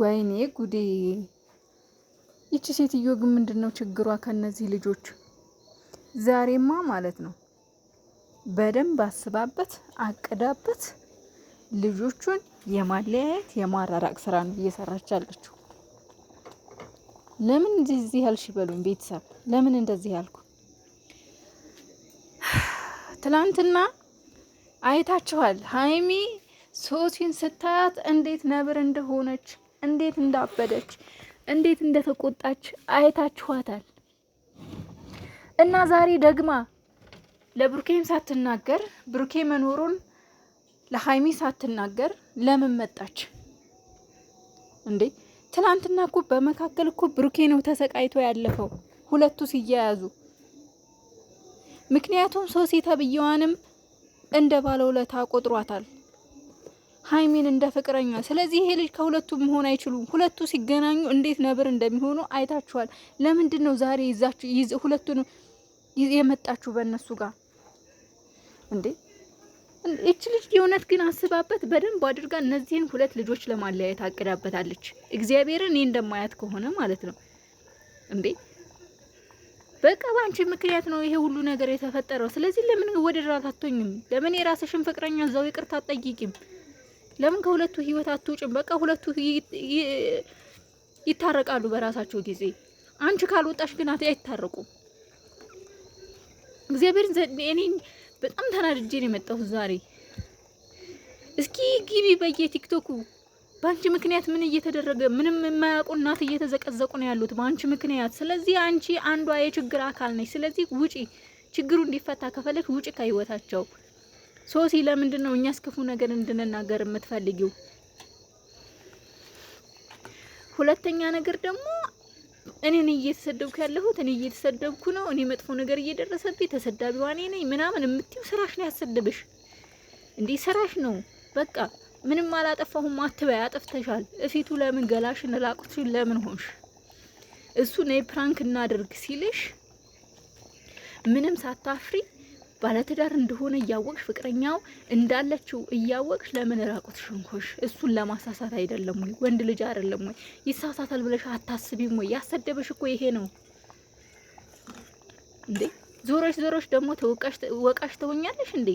ወይኔ ጉዴ! ይቺ ሴትዮ ግን ምንድነው ችግሯ ከነዚህ ልጆች? ዛሬማ ማለት ነው በደንብ አስባበት አቅዳበት ልጆቹን የማለያየት የማራራቅ ስራ ነው እየሰራች ያለችው። ለምን እንደዚህ ያልሽ በሉኝ ቤተሰብ፣ ለምን እንደዚህ ያልኩ? ትላንትና አይታችኋል ሀይሚ ሶሲን ስታያት እንዴት ነብር እንደሆነች እንዴት እንዳበደች እንዴት እንደተቆጣች አይታችኋታል። እና ዛሬ ደግማ ለብሩኬም ሳትናገር ብሩኬ መኖሩን ለሀይሚ ሳትናገር ለምን መጣች እንዴ? ትናንትና እኮ በመካከል እኮ ብሩኬ ነው ተሰቃይቶ ያለፈው ሁለቱ ሲያያዙ። ምክንያቱም ሶሲ ተብዬዋንም እንደ ባለውለታ ቆጥሯታል። ሀይሜን እንደ ፍቅረኛ። ስለዚህ ይሄ ልጅ ከሁለቱ መሆን አይችሉም። ሁለቱ ሲገናኙ እንዴት ነብር እንደሚሆኑ አይታችኋል። ለምንድን ነው ዛሬ ይዛችሁ ሁለቱን የመጣችሁ በእነሱ ጋር እንዴ? ይች ልጅ የእውነት ግን አስባበት በደንብ አድርጋ እነዚህን ሁለት ልጆች ለማለያየት አቅዳበታለች። እግዚአብሔርን እኔ እንደማያት ከሆነ ማለት ነው እንዴ በቃ በአንቺ ምክንያት ነው ይሄ ሁሉ ነገር የተፈጠረው። ስለዚህ ለምን ወደ ራስ አትሆኝም? ለምን የራስሽን ፍቅረኛ እዛው ይቅርታ አትጠይቂም? ለምን ከሁለቱ ህይወት አትውጭም? በቃ ሁለቱ ይታረቃሉ በራሳቸው ጊዜ። አንቺ ካልወጣሽ ግን አይታረቁም። እግዚአብሔርን እኔ በጣም ተናድጄ ነው የመጣሁት ዛሬ። እስኪ ግቢ በየቲክቶኩ በአንቺ ምክንያት ምን እየተደረገ ምንም የማያውቁ እናት እየተዘቀዘቁ ነው ያሉት በአንቺ ምክንያት። ስለዚህ አንቺ አንዷ የችግር አካል ነች። ስለዚህ ውጪ፣ ችግሩ እንዲፈታ ከፈለግሽ ውጪ ከህይወታቸው። ሶሲ ለምንድን ነው እኛስ ክፉ ነገር እንድንናገር የምትፈልጊው? ሁለተኛ ነገር ደግሞ እኔን እየተሰደብኩ ያለሁት እኔ እየተሰደብኩ ነው፣ እኔ መጥፎ ነገር እየደረሰብኝ ተሰዳቢዋ እኔ ነኝ ምናምን የምትይው ስራሽ ነው ያሰደብሽ። እንዴ ስራሽ ነው በቃ። ምንም አላጠፋሁም አትበይ፣ አጥፍተሻል። እፊቱ ለምን ገላሽ ላቁትሽን ለምን ሆንሽ? እሱ ነይ ፕራንክ እናድርግ ሲልሽ ምንም ሳታፍሪ ባለትዳር እንደሆነ እያወቅሽ ፍቅረኛው እንዳለችው እያወቅሽ ለምን ራቁት ሽንኮሽ? እሱን ለማሳሳት አይደለም ወይ? ወንድ ልጅ አይደለም ወይ? ይሳሳታል ብለሽ አታስቢም ወይ? ያሰደበሽ እኮ ይሄ ነው እንዴ! ዞሮሽ ዞሮሽ ደግሞ ወቃሽ ተወኛለሽ እንዴ!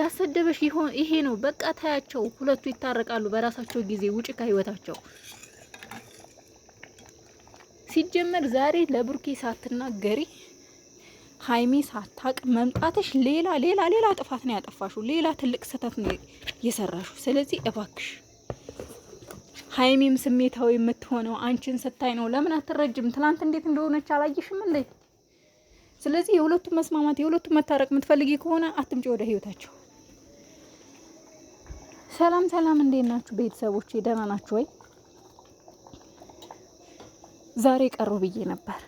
ያሰደበሽ ይሄ ነው። በቃ ታያቸው፣ ሁለቱ ይታረቃሉ በራሳቸው ጊዜ። ውጭ ከህይወታቸው። ሲጀመር ዛሬ ለብሩኬ ሳትናገሪ ሀይሚ ሳታቅ መምጣትሽ ሌላ ሌላ ሌላ ጥፋት ነው ያጠፋሹ፣ ሌላ ትልቅ ስህተት ነው የሰራሹ። ስለዚህ እባክሽ ሀይሚም ስሜታዊ የምትሆነው አንቺን ስታይ ነው። ለምን አትረጅም? ትናንት እንዴት እንደሆነች አላየሽም እንዴ? ስለዚህ የሁለቱ መስማማት የሁለቱ መታረቅ የምትፈልጊ ከሆነ አትምጪ ወደ ህይወታቸው። ሰላም ሰላም፣ እንዴት ናችሁ ቤተሰቦች? ደህና ናችሁ ወይ? ዛሬ ቀሩ ብዬ ነበር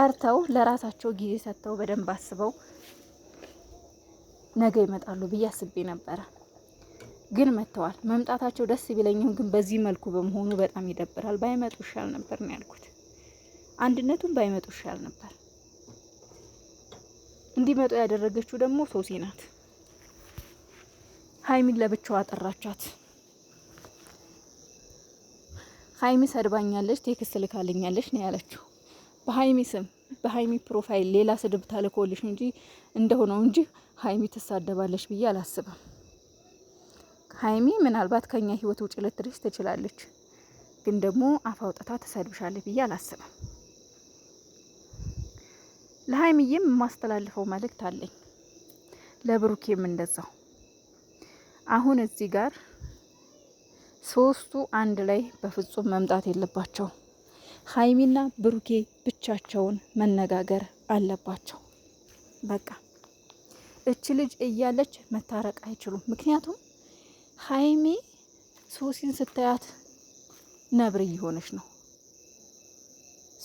ቀርተው ለራሳቸው ጊዜ ሰጥተው በደንብ አስበው ነገ ይመጣሉ ብዬ አስቤ ነበረ። ግን መጥተዋል። መምጣታቸው ደስ ቢለኝም ግን በዚህ መልኩ በመሆኑ በጣም ይደብራል። ባይመጡ ይሻል ነበር ነው ያልኩት። አንድነቱን ባይመጡ ይሻል ነበር። እንዲመጡ ያደረገችው ደግሞ ሶሲ ናት። ሀይሚን ለብቻዋ ጠራቻት። ሀይሚ ሰድባኛለች፣ ቴክስት ልካልኛለች ነው ያለችው። በሀይሚ ስም በሀይሚ ፕሮፋይል ሌላ ስድብ ታልኮልሽ እንጂ እንደሆነው እንጂ ሀይሚ ትሳደባለች ብዬ አላስብም። ሀይሚ ምናልባት ከኛ ህይወት ውጭ ልትደርስ ትችላለች፣ ግን ደግሞ አፋውጥታ አውጥታ ትሰድብሻለች ብዬ አላስብም። ለሀይሚዬም የማስተላልፈው መልእክት አለኝ፣ ለብሩኬም እንደዛው። አሁን እዚህ ጋር ሶስቱ አንድ ላይ በፍጹም መምጣት የለባቸው ሀይሚና ብሩኬ ብቻቸውን መነጋገር አለባቸው። በቃ እች ልጅ እያለች መታረቅ አይችሉም። ምክንያቱም ሀይሚ ሶሲን ስታያት ነብር እየሆነች ነው።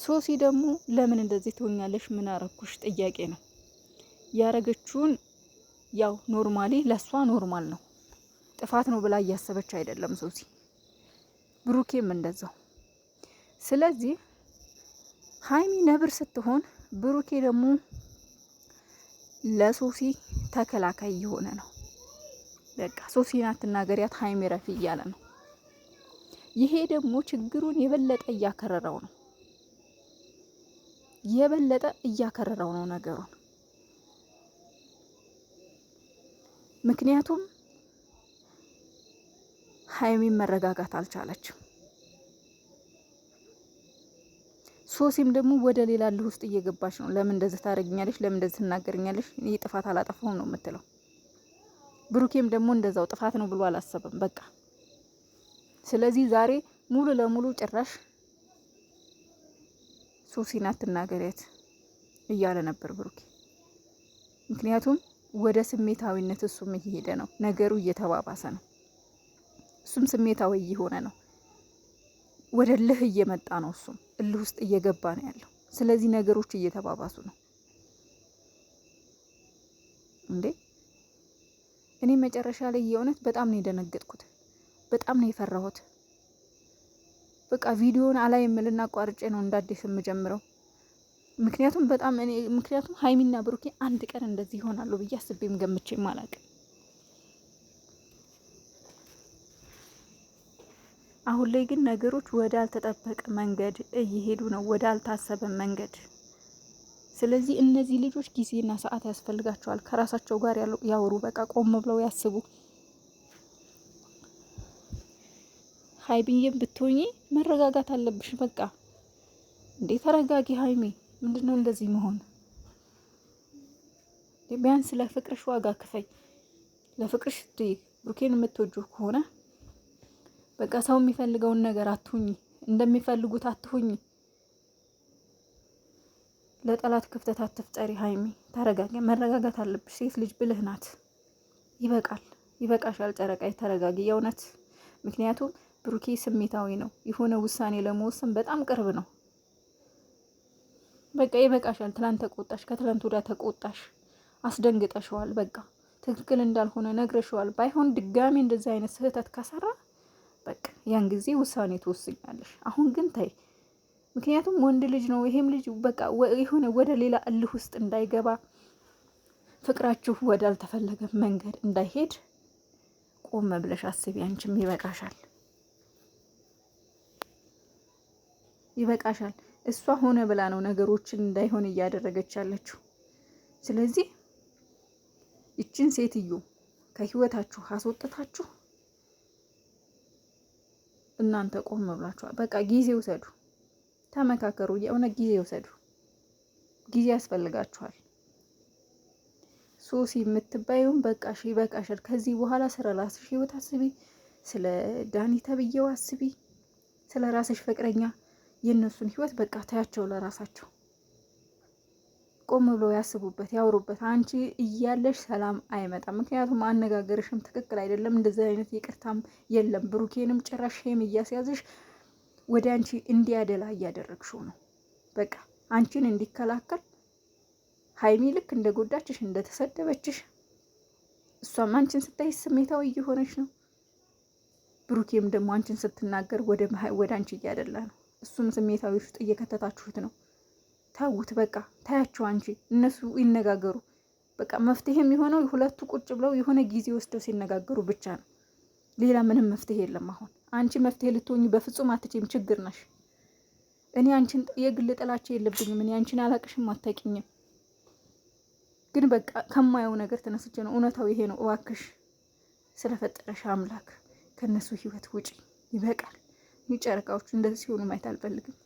ሶሲ ደግሞ ለምን እንደዚህ ትሆኛለሽ? ምን አረኩሽ? ጥያቄ ነው ያረገችውን። ያው ኖርማሊ ለሷ ኖርማል ነው፣ ጥፋት ነው ብላ እያሰበች አይደለም ሶሲ። ብሩኬም እንደዛው ስለዚህ ሀይሚ ነብር ስትሆን ብሩኬ ደግሞ ለሶሲ ተከላካይ እየሆነ ነው። በቃ ሶሲን አትናገሪያት ሀይሚ ረፊ እያለ ነው። ይሄ ደግሞ ችግሩን የበለጠ እያከረረው ነው የበለጠ እያከረረው ነው ነገሩን። ምክንያቱም ሀይሚን መረጋጋት አልቻለችም። ሶሲም ደግሞ ወደ ሌላ ልህ ውስጥ እየገባች ነው። ለምን እንደዚህ ታደርግኛለሽ? ለምን እንደዚህ ትናገርኛለሽ? ይህ ጥፋት አላጠፋሁም ነው የምትለው። ብሩኬም ደግሞ እንደዛው ጥፋት ነው ብሎ አላሰበም። በቃ ስለዚህ ዛሬ ሙሉ ለሙሉ ጭራሽ ሶሲን አትናገሪያት እያለ ነበር ብሩኬ። ምክንያቱም ወደ ስሜታዊነት እሱም እየሄደ ነው፣ ነገሩ እየተባባሰ ነው፣ እሱም ስሜታዊ እየሆነ ነው። ወደ ልህ እየመጣ ነው። እሱም እልህ ውስጥ እየገባ ነው ያለው። ስለዚህ ነገሮች እየተባባሱ ነው እንዴ። እኔ መጨረሻ ላይ የእውነት በጣም ነው የደነገጥኩት፣ በጣም ነው የፈራሁት። በቃ ቪዲዮን አላ የምልና ቋርጬ ነው እንዳዲስ የምጀምረው። ምክንያቱም በጣም እኔ ምክንያቱም ሀይሚና ብሩኬ አንድ ቀን እንደዚህ ይሆናሉ ብዬ አስቤም ገምቼም አላውቅም። አሁን ላይ ግን ነገሮች ወደ አልተጠበቀ መንገድ እየሄዱ ነው፣ ወደ አልታሰበ መንገድ። ስለዚህ እነዚህ ልጆች ጊዜና ሰዓት ያስፈልጋቸዋል። ከራሳቸው ጋር ያወሩ፣ በቃ ቆም ብለው ያስቡ። ሀይሚዬም ብትሆኚ መረጋጋት አለብሽ። በቃ እንዴ ተረጋጊ ሀይሚ። ምንድን ነው እንደዚህ መሆን? ቢያንስ ለፍቅርሽ ዋጋ ክፈይ። ለፍቅርሽ ብሩኬን የምትወጁ ከሆነ በቃ ሰው የሚፈልገውን ነገር አትሁኝ፣ እንደሚፈልጉት አትሁኝ። ለጠላት ክፍተት አትፍጠሪ። ሀይሚ ተረጋጊ፣ መረጋጋት አለብሽ። ሴት ልጅ ብልህ ናት። ይበቃል፣ ይበቃሻል። ጨረቃይ ተረጋጊ፣ የእውነት ምክንያቱም ብሩኬ ስሜታዊ ነው። የሆነ ውሳኔ ለመወሰን በጣም ቅርብ ነው። በቃ ይበቃሻል። ትላንት ተቆጣሽ፣ ከትላንት ወዲያ ተቆጣሽ፣ አስደንግጠሸዋል። በቃ ትክክል እንዳልሆነ ነግረሸዋል። ባይሆን ድጋሚ እንደዚህ አይነት ስህተት ከሰራ ያን ጊዜ ውሳኔ ትወስኛለሽ። አሁን ግን ታይ። ምክንያቱም ወንድ ልጅ ነው። ይሄም ልጅ በቃ የሆነ ወደ ሌላ እልህ ውስጥ እንዳይገባ ፍቅራችሁ ወዳልተፈለገ መንገድ እንዳይሄድ ቆም ብለሽ አስቢ። አንቺም ይበቃሻል፣ ይበቃሻል። እሷ ሆነ ብላ ነው ነገሮችን እንዳይሆን እያደረገች ያለችው። ስለዚህ ይችን ሴትዮ ከህይወታችሁ አስወጥታችሁ እናንተ ቆም ብላችኋል። በቃ ጊዜ ውሰዱ፣ ተመካከሩ። የእውነት ጊዜ ውሰዱ። ጊዜ ያስፈልጋችኋል። ሶሲ የምትባዩም በቃ ሺ በቃ ሸር ከዚህ በኋላ ስለ ራስሽ ህይወት አስቢ፣ ስለ ዳኒ ተብዬው አስቢ፣ ስለ ራስሽ ፍቅረኛ። የእነሱን ህይወት በቃ ታያቸው ለራሳቸው ቆም ብሎ ያስቡበት፣ ያውሩበት። አንቺ እያለሽ ሰላም አይመጣም። ምክንያቱም አነጋገርሽም ትክክል አይደለም። እንደዚህ አይነት ይቅርታም የለም። ብሩኬንም ጭራሽ ሄም እያስያዝሽ ወደ አንቺ እንዲያደላ እያደረግሽው ነው። በቃ አንቺን እንዲከላከል ሀይሚ ልክ እንደ ጎዳችሽ እንደተሰደበችሽ፣ እሷም አንቺን ስታይ ስሜታዊ እየሆነች ነው። ብሩኬም ደግሞ አንቺን ስትናገር ወደ አንቺ እያደላ ነው። እሱም ስሜታዊ ውስጥ እየከተታችሁት ነው። ተውት በቃ ታያቸው አንቺ እነሱ ይነጋገሩ። በቃ መፍትሄ የሚሆነው ሁለቱ ቁጭ ብለው የሆነ ጊዜ ወስደው ሲነጋገሩ ብቻ ነው። ሌላ ምንም መፍትሄ የለም። አሁን አንቺ መፍትሄ ልትሆኝ በፍጹም አትችም። ችግር ነሽ። እኔ አንቺን የግል ጥላቻ የለብኝም። እኔ አንቺን አላቅሽም፣ አታቂኝም ግን በቃ ከማየው ነገር ተነስቼ ነው። እውነታው ይሄ ነው። እባክሽ ስለፈጠረሽ አምላክ ከእነሱ ህይወት ውጪ። ይበቃል። ጨረቃዎቹ እንደዚህ ሲሆኑ ማየት አልፈልግም።